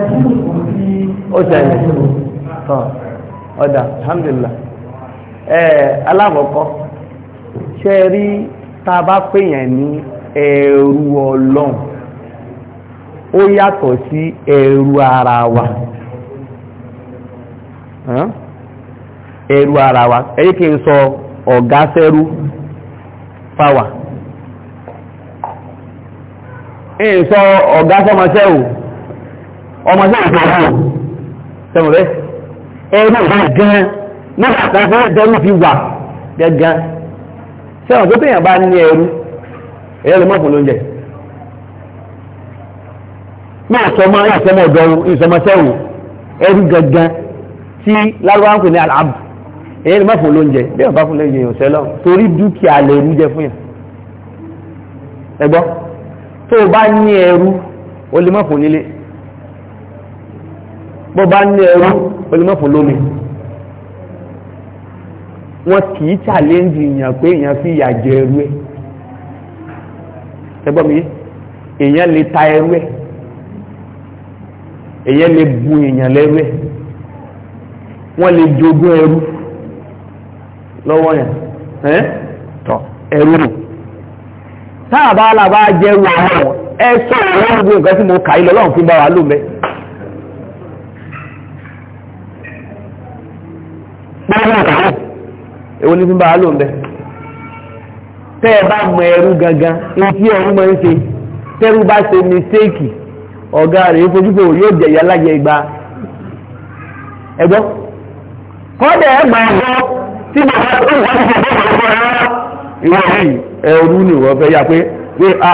ó ṣẹlẹ̀ tán ọ̀dà alhamdulillah ẹ̀ẹ́ alákọ̀ọ́kọ́ ṣe rí tá bá pèèyàn ní ẹ̀rù ọlọ́run ó yàtọ̀ sí ẹ̀rù ara wa ẹ̀rù ara wa kí n sọ ọ̀gá sẹ́rú fáwà sọ ọ̀gá ọmọ náà gbà wọ́n sẹ́mu rẹ̀ ẹ̀rọ náà gan nígbà kan fún ẹ̀dẹ́rù fi wà gẹ́gẹ́ sẹ́wọ̀n tó tẹ̀yàn bá ní ẹrú ẹ̀rọ lè mọ̀ fún lóúnjẹ náà sọmọ ìsọmọ ọdọọrùn ìsọmọ sẹ́wọ̀n ẹrú gẹ́gẹ́ tí lárúbáwá ń pè ní aláàbù èyí ni má fún lóúnjẹ bí ọba fún lóúnjẹ yòó o lè má fún nílé bó bá ní ẹrú ó lè mọ́fún lómi wọ́n kì í challenge èèyàn pé èèyàn fi ìyà jẹ ẹrú ẹ̀ ẹgbọ́n mi èèyàn lè ta ẹrú ẹ̀ èèyàn lè bu èèyàn lẹ́rú ẹ̀ wọ́n lè jogún ẹrú lọ́wọ́ yẹn ẹ́ tọ́ ẹrú rù táàbà alábàá jẹ́rú ẹ̀ sọ̀rọ̀ lọ́wọ́ gbogbo nǹkan tí mo kà í lọ́wọ́ fi bá wa lò mẹ́ òun ní fi bá a lò ń bẹ tẹ́ ẹ bá mọ ẹrú gangan etí ẹrú máa ń ṣe tẹ́rú bá ṣe mistéèkì ọ̀gá rẹ̀ fojúfò yóò jẹ̀yà alájẹ ìgbà ẹgbọ́ kọ́dẹ̀ ẹgbà ẹgbọ́ tí bàbá tó wà ní ìgbà ìwọ yìí ẹrú ni wọ́n fẹ́ yà pé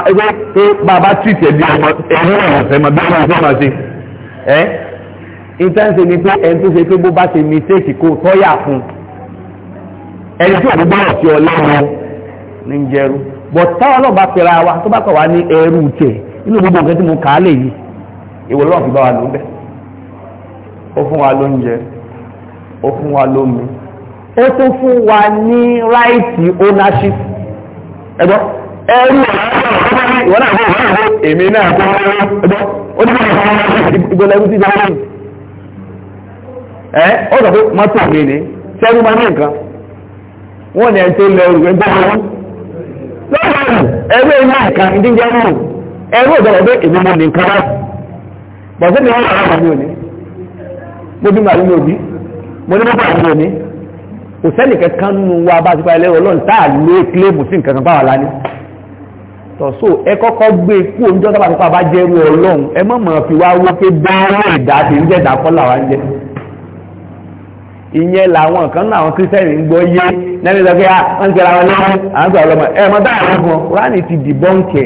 ẹgbẹ́ pé bàbá tí tẹ̀lé ẹrú ọ̀rọ̀ fẹ́ máa bí wọ́n fẹ́ máa ṣe ẹ́ ìtẹ́ǹsẹ̀ ni pé ẹni tó ṣe pé bó bá ṣe mistéèkì kó tọ́yà fún un ẹni tí òun gbọ́dọ̀ sí ọ ní ń bọ̀ táwọn ọlọ́ọ̀bá wa tó bá kọ̀ wá ní ẹrú tiẹ̀ inú gbogbo nǹkan tí mo kà á lè yí ìwọ lọ́wọ́ fi bá wa lò ó fún wa lóúnjẹ ó fún wa lómi ó tún fún wa ní ráìtì ownership ẹrú náà ó ní ìgbọ́lẹ̀ ẹrú wọ́n ní ẹni tó lọ ẹrù ẹgbẹ́ wọn. lọ́wọ́ ẹ̀rọ iná ẹ̀ka ìdíjẹ́ mọ̀ ẹ̀rọ ìdọ̀rọ̀ pé èmi mọ̀ nìkan rẹ̀. bọ̀dé mi wọ́n rà wà ní òní mo bí màlúù òbí mo ní bàbá àwọn òní kò sẹ́nì kankan nù wa bá ti parí lẹ́wọ̀ lọ́nà táà lé kílébù sí nǹkan kan báwa lá ní. tọ̀só ẹ kọ́kọ́ gbé kú oúnjẹ tó bá ti pa bá jẹ́rú ọlọ́run ẹ mọ̀ mọ̀ fi wá wó pé bá ìdá ti ń jẹ́ ìdákọ́là wa ń jẹ́ ìyẹn làwọn kan náà àwọn kírísítẹ́nì ń gbọ́ yé lẹ́nu ìsọ pé ah, à ń tẹ̀ra wọn lọ́wọ́ à ń sọ̀rọ̀ ọmọ mọ báyìí fún ọ kúránì ti dì bọ́ǹkì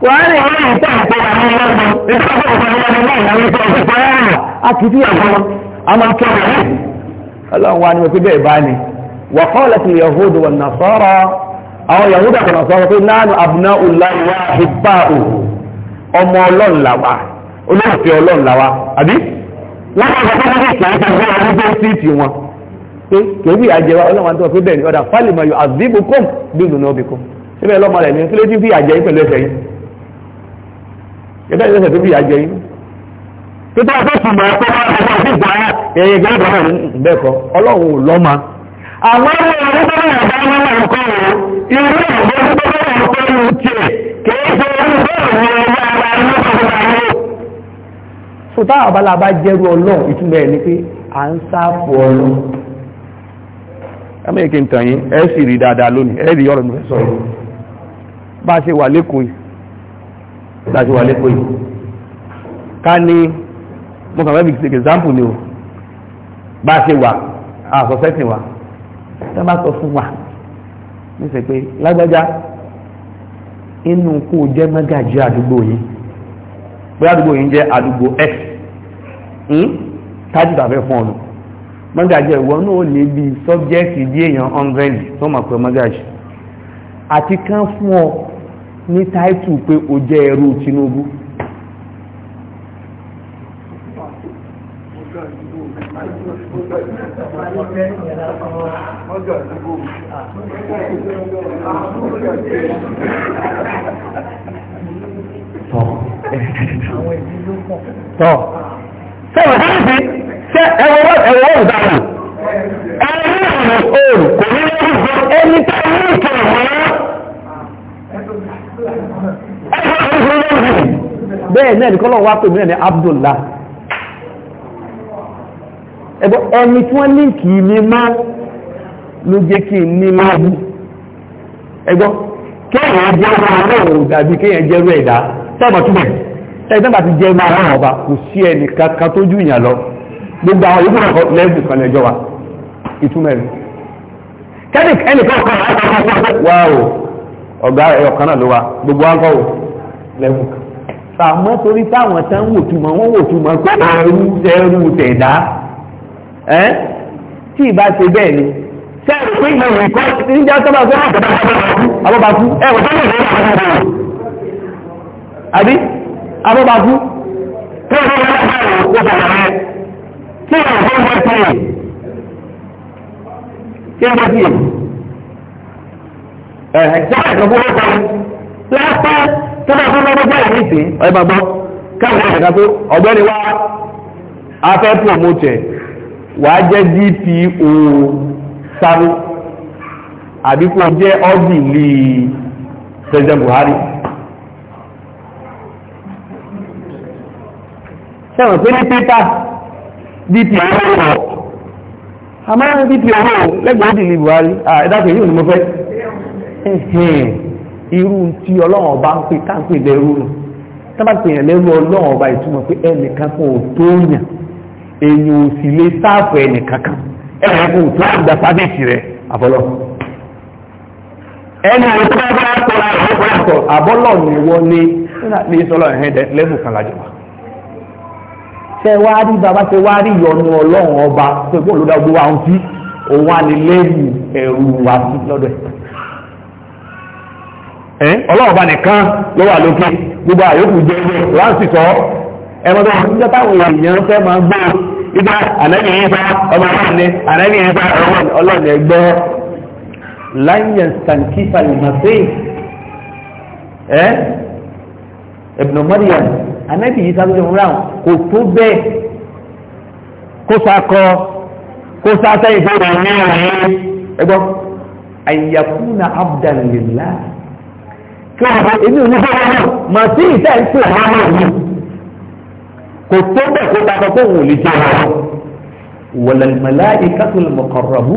kúránì yóò yí tẹ̀ pé àwọn ọmọ ọmọ ìfọwọ́ ìfọwọ́ ọmọ náà ìyàwó ìfọwọ́ ìfọwọ́ a kì ní wàkọ́ọ̀lẹ̀ àwọn yahudu àti nasara pé nánú abúná ulayi ìbá òhù ọmọ ọlọ́run olóòfin ọlọ́run àbí láwọn ọ̀pọ̀ pẹ́pẹ́ kìí ṣe fún ọdún tó síìtì wọn pé kèébì àjẹwà ọlọ́wọ́n tó fi bẹ́ẹ̀ ni ọ̀dà fálìmọ̀ yóò àzíbù kọ́m bí ìdùnnà obì kọ́m síbẹ̀ lọ́mọ rẹ̀ ní kí ló ti fi àjẹ pẹ̀lú ẹsẹ̀ yìí ẹ̀dá ìrẹsẹ̀ tó fi àjẹ yìí títí ọjọ́ sì mọ̀ ẹ̀kọ́ wọn ọjọ́ sí ìgbà ẹ̀yẹ gbẹ́gbẹ́ náà bẹ́ẹ̀ kọ́ ọlọ́run ò lọ́mọ àwọn ọmọ ọdún tó bá wà bá wọn wà ń kọ́ wọn irú ọ̀gbọ́n tó bá wà ń kọ́ so táwọn abala bá jẹ́rú ọlọ́run ìtumọ̀ ẹ̀ ni pé à ń sáàpù ọlọ́run ẹmẹ́yẹ kí n tàn yín ẹ sì rí dáadáa lónìí ẹ rí ọ̀rọ̀ mi sọ yìí bá a ṣe wà lẹ́kọ̀ọ́ yìí a ṣe wà lẹ́kọ̀ọ́ yìí ká ní mo kàn fẹ́ fi ṣe example ni o bá a ṣe wà àsọ̀sẹ́sìn wa tá a bá sọ fún wa inú kó jẹ́ mẹ́gàjì àdúgbò yìí bóyá àdúgbò yìí jẹ́ àdúgbò x hmm? tájú tàfẹ́ fún ọ̀nà mọ́gàjì ẹ̀wọ̀n náà lè bí sọ́bjẹ́kì bí èèyàn 100 tó mọ̀ pé mọ́gàjì àti kán fún ọ ní táìtù pé o jẹ́ ẹrú Tinubu Thank tọ́ sẹ́wọ̀n sáyẹ́nsì ṣe ẹ̀wọ̀ ẹ̀wọ̀ ọ̀dàlù ẹ̀rọ ìrìnà òòrùn kò ní lórí ìgbà ẹni tá a ní ìtàn wọn. ẹ̀rọ ìrìnà òòrùn bẹ́ẹ̀ náà ní kọ́lọ́ wa pè mí ní Abdullah ẹ̀bọ̀ ẹni tí wọ́n líǹkì mi máa ló jẹ́ kí n ní máa bú ẹ̀gbọ́n kéèyàn jẹ́rú àwọn ọ̀rọ̀ dàbí kéèyàn jẹ́rú ẹ̀dá sábà túbọ̀ ẹgbẹ́gbà ti jẹ́ máa rán ọba kò sí ẹni kankan tó jù ìyàn lọ gbogbo àwọn yóò kọ́ lẹ́bù kan lẹ́jọ́ wa ìtumọ̀ ẹ̀rí kẹ́nìk ẹnìkan kan wá o ọ̀gá ẹ̀yọ̀ kan náà ló wa gbogbo wa kọ́ o lẹ́bù kan sàmọ́ torí táwọn tán wò túmọ̀ wọ́n wò túmọ̀ pé ẹrú ẹrú tẹ̀dá abọ́bajú tó ń bá wọn sọ̀rọ̀ ó bàbá rẹ̀ tí wọ́n fẹ́ wọ́n tẹ̀ yìí kí wọ́n ti yìí ẹ̀ ẹ̀ tí wọ́n fẹ́ wọ́n sọ̀rọ̀ lápá tó bá fún ọmọ bọ́ọ̀lù nísìnyí ẹ̀ bá gbọ́ káwọn ẹ̀ka tó ọ̀gbẹ́ni wá afẹ́ promote ẹ̀ wàá jẹ́ dpo sanu àbí kò jẹ́ ọ́bìlì president Buhari. sẹ́wọ̀n pé ní pépà dp owó wọ̀ àmọ́ dp owó lẹ́gbẹ̀ẹ́ ìdìlì buhari ẹ̀dàkọ̀ yìí ni mo fẹ́ irú tí ọlọ́run ọba ń pè káàpè lẹ́rú nù tábà pèèyàn lẹ́rú ọlọ́run ọba ìtumọ̀ pé ẹnìkan kan ò tó yàn èèyàn ò sì lè sáàfù ẹnìkan kan ẹnìkan kan ò tó àgbà sábẹ́ẹ̀sì rẹ̀ àbọ̀lọ́ ẹni ò tó bá bá tọ́ra rẹ̀ ó gbọ́dọ̀ àbọ̀lọ́ ni wọ́n ní lè tẹ wá rí bàbá tẹ wá ọba tó ìgbọ́n ló dá gbogbo àwọn tí òun wà ní lẹ́yìn ẹ̀rù wá sí lọ́dọ̀ ẹ̀. ọlọ́run ọba nìkan ló wà lókè gbogbo àyókù jẹ ilé láǹsì sọ ẹ̀rọ̀dọ̀ níjọ́ táwọn èèyàn fẹ́ máa gbọ́ ànábì yìí sábẹ́ òun ráhùn kò tó bẹ́ẹ̀ kó sakọ kó sasẹ́ ìfowópamọ́ ní ọ̀rẹ́ ẹgbọ́n àyàkúnà abdàlélá kí wọ́n fún èmi ò ní fún ọmọ màá sí ìtẹ́ ń pè wọ́n náà yìí kò tó bẹ́ẹ̀ kó sakọ kó òun ò lè jẹ́ ọ̀rọ̀ wọ̀lẹ̀lmẹ̀lá ìkásùlùmọ̀kọ̀rọ̀bù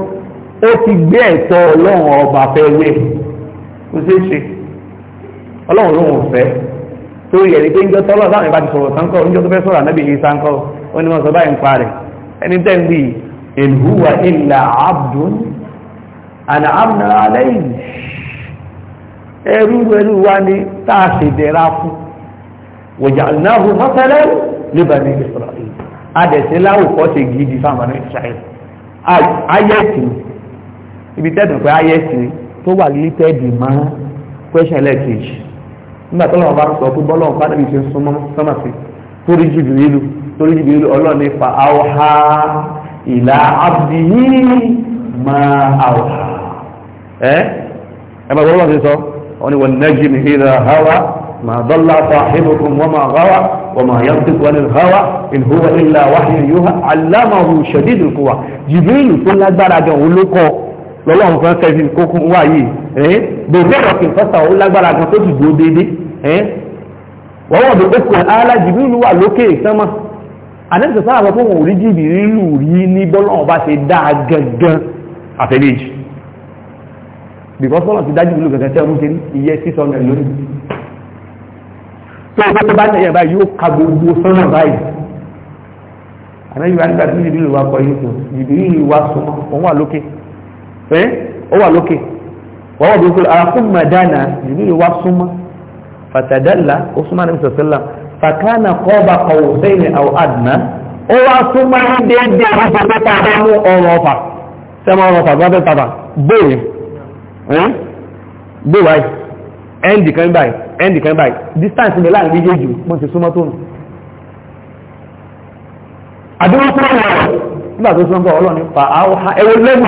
ó ti gbé ẹ̀tọ́ ọlọ́run ọba fẹ́ wé kó ṣeé ṣe ọlọ́run ló ń fẹ́ torí ẹ̀rí pé ń jọ tọ́lọ́ sáwọn ìbá ti sọ̀rọ̀ sáńkọ́ ń jọ tó fẹ́ sọ̀rọ̀ ànábì yìí sáńkọ́ ó ní wọn sọ báyìí ń pa rẹ̀ ẹni tẹ́ ń wí in huwa illa abdun an'amna alayhi ẹrú ẹrú wa ni tá a ṣe dẹ̀ra fún waja'alnahu matalan li bani Isra'il adẹ̀sẹ̀ láwùkọ́ ṣe gidi fáwọn ọmọ Isra'il ayẹ́sìn ibi tẹ́tù pé ayẹ́sì tó wà lítẹ́ẹ̀dì mọ́ kwẹ́sàn ẹlẹ́kejì nígbà tó lọ́wọ́ bá sọ pé bọ́lọ́ ọ̀pá níbi tí ń súnmọ́ sọ́mà sí torí jìbì nílù torí jìbì nílù ọlọ́ọ̀ni fa àwòhá ìlà abdìhí máa àwòhá ẹ ẹ bá sọ ما ضل صاحبكم وما غوى وما ينطق عن الهوى ان هو الا وحي يوحى شديد القوى جبريل كل اgbára gan lọ́lọ́run kan kẹfì kókó wà yìí ẹ́ bèbè ọ̀kì fọ́sà ó lágbára gan tó ti dúró déédé ẹ́ wọ́n wọ́n bẹ okùn ala Jibrilu wà lókè sánmà àdéhùn sáà sọ fún òun rí Jibrilu rí ní bọ́lọ́run bá ṣe dáa gangan àfẹ́lẹ́jì bìkọ́ sọ́lọ́ ti dá Jibrilu gangan tẹ́ ọdún ṣe ní iye six hundred lónìí tó o bá tẹ̀yẹ̀ báyìí yóò ka gbogbo sánmà báyìí àdéhùn bá nígbà tí Jibrilu wà kọ́ yìí tó Jibrilu wà sọ òun wà lókè ẹ́ eh? ó wà lókè wọ́wọ́ bí kúrò ara fún mẹ́dánà jìbìrì wá súnmọ́ fàtàdánlá ó súnmọ́ ní sọ̀sẹ́lá fàkánà kọ́ọ̀bà kọ̀wọ̀sẹ́yìn àwọn àdìnà ó wá súnmọ́ ní déédéé àbáfẹ́fẹ́ta bá mú ọrọ̀ ọ̀fà sẹ́mọ́ ọrọ̀ ọ̀fà ọ̀rọ̀ nígbà tó súnmọ́ ọlọ́ni fa ẹwọ lẹ́nu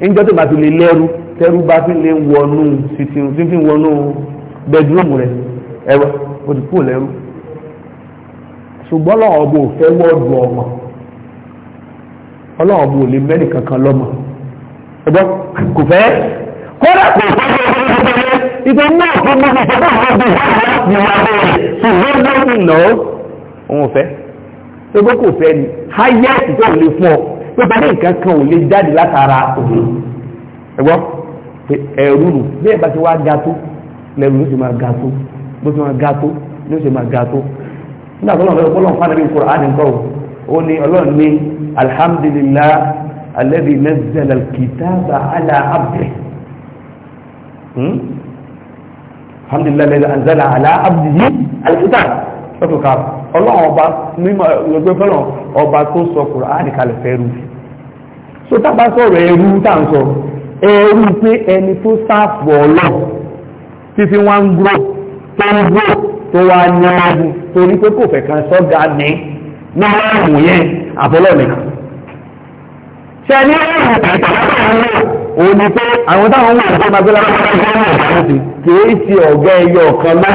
níjọ́ tó bá fi lè lẹ́rú tẹ́rú bá fi lè wọnú fífi wọnú bẹ́dúrọ̀mù rẹ̀ ẹ̀rọ o ti kúrò lẹ́rú ṣùgbọ́n ọlọ́run ọba ò fẹ́ wọ́ọ̀dù ọmọ ọlọ́run ọba ò lè mẹ́rin kankan lọ́mọ ẹgbọ́n kò fẹ́ kódà kò fẹ́ ìtàn náà kò mọ̀ ní ìfẹ́ náà wọ́n bí wọ́n wá bẹ̀rẹ̀ ṣùgbọ́n náà ń lọ òun ò fẹ́ ṣùgbọ́n kò fẹ́ ni háyẹ́ ìtàn lè fún ọ pé báyìí nǹkan kan ò lè jáde látara òun ẹ̀gbọ́n ẹ̀rù rù bí ẹ̀ bá ti wá ga tó lẹ́rù ló ti máa ga tó bó ti máa ga tó ló ti máa ga tó nígbà tó lọ́nà ọlọ́run fún àdébí kúrò ánì nǹkan ò ní ọlọ́run ní alhamdulillah alladhi nazzala alkitaba ala abdihi hmm? alhamdulillah alladhi anzala ala abdihi alkitab lọ́tọ̀ká ọlọ́run ọba mímọ̀ ẹgbẹ́ fẹ́ràn ọba tó sọ Kùránì kalẹ̀ fẹ́rù so tá bá sọ̀rọ̀ ẹrú tá ń sọ ẹrú pé ẹni tó sáàpù ọlọ́ títí wọ́n ń gbó tó ń gbó tó wá yánwó torí pé kò fẹ́ kan sọ́gà ní náà ẹ̀mù yẹn àbọ́lọ̀ nìkan ṣe ní ẹ̀rù òní pé àwọn táwọn wà ní ọjọ́ máa gbé lára ọjọ́ náà kì í ṣe ọ̀gá ẹyọ ọ̀kan náà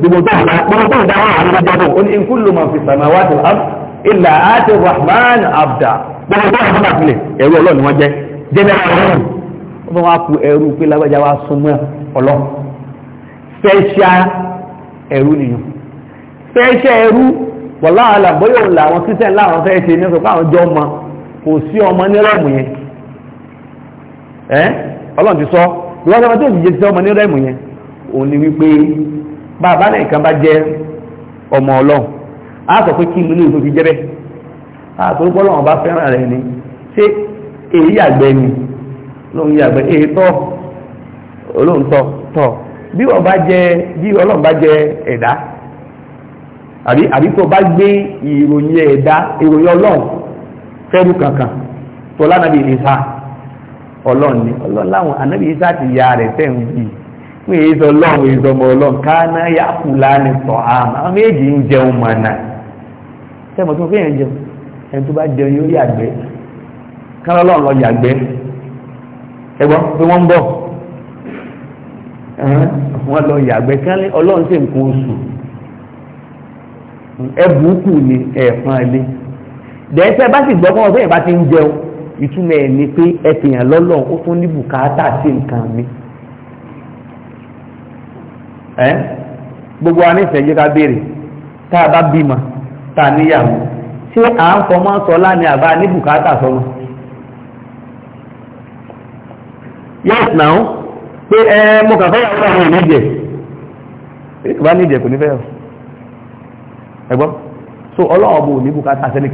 gbogbo tó àgbà gbogbo tó àgbà wọn àwọn ọmọdé ọdún ó ní nkúlù máa fi sàmà wá tó am ilà àti rahman abda gbogbo tó àgbà wọn àfilẹ ẹrú ọlọ́run ni wọ́n jẹ́ general ọlọ́run ó bá wọn kú ẹrú pé lágbájá wa súnmọ́ ọlọ́run special ẹrú nìyẹn special ẹrú wọ̀lá àlàbọ́yọ̀ làwọn christian láwọn fẹ́ bàbá náà nǹkan bá jẹ́ ọmọ ọlọ́run a sọ pé kí nínú ìfòfin jẹ́ bẹ́ẹ̀ àtòrúkọ́ lọ́wọ́ bá fẹ́ràn rẹ̀ ni ṣé èyí àgbẹ̀ ni lóun yàgbẹ́ èyí tọ́ olóhùn tọ́ tọ́ bí wọ́n bá jẹ́ bí ọlọ́run bá jẹ́ ẹ̀dá àbí àbí tó bá gbé ìròyìn ẹ̀dá ìròyìn ọlọ́run fẹ́rù kankan tó lánàbì ìsá ọlọ́run ni ọlọ́run láwọn ànábì ìsá ti ya rẹ̀ fẹ́ràn fún èyíṣọ́ láàrin sọ àmà méjì ń jẹun mọ̀nà sẹ́mọ̀ tó fẹ́yàn jẹun ẹni tó bá jẹun yóò yàgbẹ́ káná lọ yàgbẹ́ ẹgbọ́n pé wọ́n ń bọ̀ wọ́n lọ yàgbẹ́ ọlọ́run ẹ̀fọn ilé bá gbọ́ ẹ́ gbogbo wa nífẹ̀ẹ́ yíká béèrè tá bá bímọ tá a níyàwó ṣé a ń fọmọ sọlá ni àbá ní yes now pé ẹ mo kàn fẹ́ yàwó àwọn ìníjẹ̀ níjẹ̀ kò ní fẹ́ ẹ̀gbọ́n so ọlọ́wọ́ ní sẹ́ni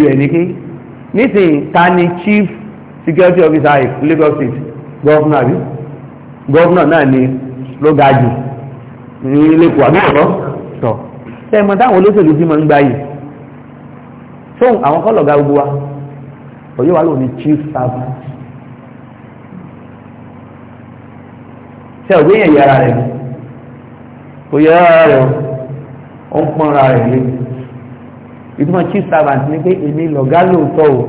gbogbo iji nísìnyí ta ni chief security officer of Lagos state governor bi governor náà ni ló ga jù ní lẹ́kọ̀ọ́ àbí ọ̀rọ̀ tọ̀ ṣe mọ̀ táwọn olóṣèlú tí mo ń gbáyì àwọn kọ́ gbogbo wa òye wa ló ní chief staff ṣe ògbé yẹn yẹra rẹ̀ kò yẹra rẹ̀ ó ń pọ́nra rẹ̀ ìtumọ̀ chief servant ni pé èmi lọ̀gá lóòótọ́ o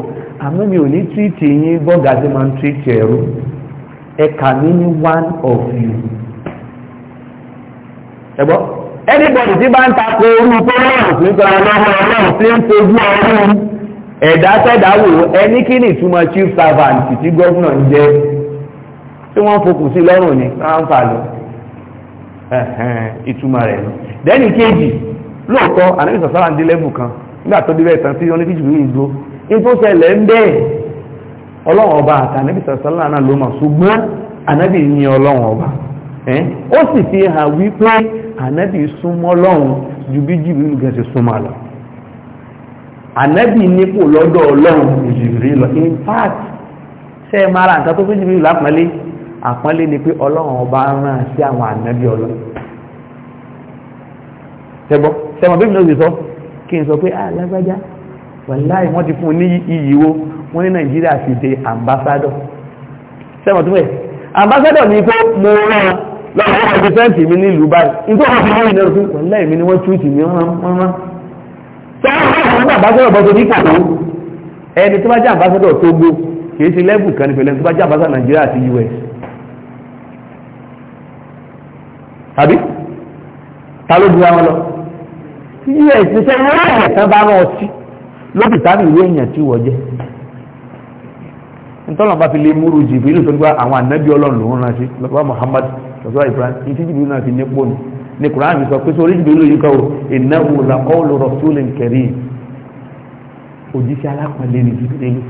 àmọ́ mi ò ní tíìtì yín bọ́gà tí máa ń tíìtì ẹ̀rú ẹ̀ka mi ní one of you. ẹ̀gbọ́n anybody tí bá ń takò orú tó lọ́rùn sí sọ ọlọ́run ọlọ́run tí ń tojú ọrùn ẹ̀dá tẹ̀dá wò ẹni kí ni ìtumọ̀ chief servant tí gọ́fúnà ń jẹ́ tí wọ́n fokùn sí lọ́rùn ni wọ́n fà lọ ìtumọ̀ rẹ̀ lọ. dẹ́nì kejì lóòótọ́ ànábìsọ̀ sára ń dé lẹ́bù kan nígbà tó débẹ̀ tán tí wọ́n ní kí jùlọ yìí dúró in tó ṣẹlẹ̀ ń bẹ́ẹ̀ ọlọ́run ọba àti ànábì sàṣálà náà ló mà ṣùgbọ́n ànábì ní ọlọ́run ọba ó sì fi hàn wípé ànábì súnmọ́ ọlọ́run ju bí jìbìrì gan ṣe súnmọ́ lọ ànábì nípò lọ́dọ̀ ọlọ́run ju jìbìrì lọ in fact ṣe é mara nǹkan tó fi jìbìrì lápọ́nlé àpọ́nlé ni pé ọlọ́run ọba rán sí àwọn ànábì ọlọ́run ṣẹ́gbọ́ ṣẹ́gbọ́ bí kí n sọ pé ah lágbájá wàláì wọ́n ti fún ní iyì wo wọ́n ní nàìjíríà fi dé ambassador sẹ́wọ̀n tó wẹ̀ ambassador ní pé mo rán lọ́wọ́ ọ̀pẹ́sẹ́ntì mi nílùú báyìí nítorí wọ́n fi mú ìnáwó fún wàláì mi ni wọ́n túwìtì mi wọ́n rán ẹni tó bá jẹ́ àmbásádọ̀ tó gbó kìí sí lẹ́bù kan ní pẹ̀lẹ́ tó bá jẹ́ àmbásádọ̀ Nàìjíríà àti US tàbí ta ló bú àwọn lọ tí ẹ̀sìnṣẹ́ ìwé ẹ̀yẹ̀ kan bá rán ọtí lóbi tábì ìwé èèyàn tí wọ́n jẹ́ ntọ́nà bá fi lè múru jìbìrì lóṣù nípa àwọn ànábì ọlọ́run lòún rántí lọ́pọ̀ Muhammad lọ́sọ́ Ibrahim ní tí jìbìrì náà fi ní pọ́nù ní Kùránì sọ pé sórí jìbìrì lóyún kọ́ innahu laqawlu rasulin karim òjíṣẹ́ alápọ̀lẹ́ ní jìbìrì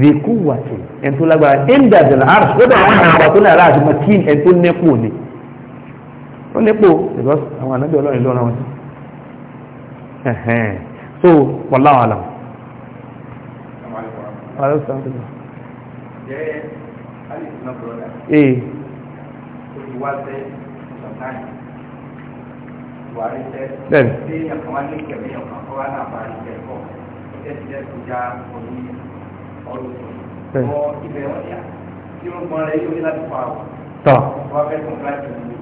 veku wàtí ẹni tó lágbára inda del arsh ó bẹ̀rẹ̀ wọn àwọn tó ní aláàtúmọ̀ kí ẹni tó nẹ́pọ̀ ni ó nẹ́pọ̀ ìgbọ́sọ̀ àwọn ànábì ọlọ́run lọ́rọ̀ wọn sí ẹ̀hẹ́n so wallahu alam Tọ́. Wọ́n fẹ́ kọ̀ọ̀kan jù